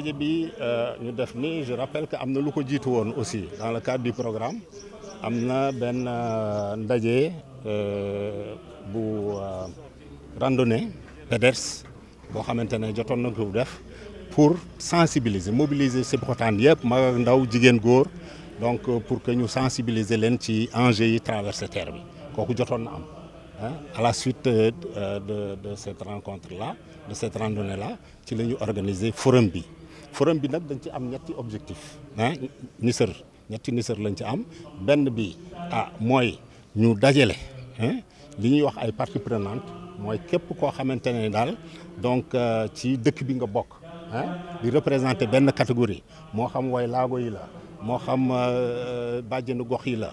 ndaje bi euh, ñu def ni je rappelle que nous na lu ko aussi dans le cadre du programme Amna ben benn euh, ndaje euh, bu randonnée Peders, boo xamante ne jotoon ko def pour sensibiliser mobiliser ces yëpp mag ak ndaw jigéen góor donc pour que ñu sensibiliser leen ci enjeux yi traversé terre bi kooku am hein. à la suite de de cette rencontre là de cette randonnée là ci la ñu organiser forum bi forum bi nag dañ ci am ñetti objectif ah nisër ñetti nisër lañ ci am benn bi ah mooy ñu dajale li ñuy wax ay partie prenantes mooy képp koo xamante ne daal donc euh, ci dëkk bi nga bokk ah di représenter benn catégorie moo xam way laago yi la moo xam euh, bàjjenu gox yi la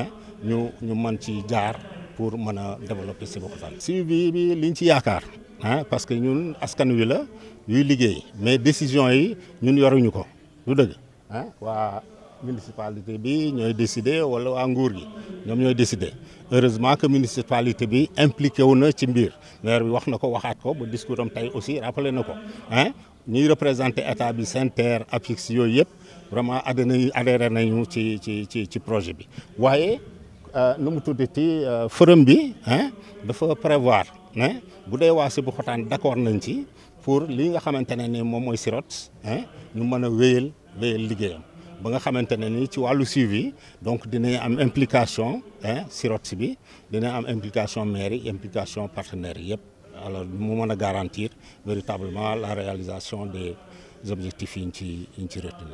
ah ñu ñu mën ci jaar pour mën a développer Sébikotane. suivi bi liñ ci yaakaar ah parce que ñun askan wi la yuy liggéey mais décision yi ñun yoruñu ko du dëgg ah waa municipalité bi ñooy décider wala waa nguur gi ñoom ñoy décider heureusement que municipalité bi impliqué wona ci mbir maire bi wax na ko waxaat ko bu discours am tey aussi rappelé nako hein ñi représenter état bi seen terre APIX yooyu yëpp vraiment adhéré adéré nañu ci ci ci ci projet bi wayé euh, nu mu tuddati euh, forum bi hein dafa prévoir ne hein, bu dee waa bu xotaan d'accord nañ ci pour li nga xamantene ne ni moom mooy sirot hein ñu mëna wéyel wéyel wéyal ba nga ni suivi donc dinañ am implication hein SIROTS bi dina am implication mairie implication partenaire yep alors mu de garantir véritablement la réalisation des objectifs qui ci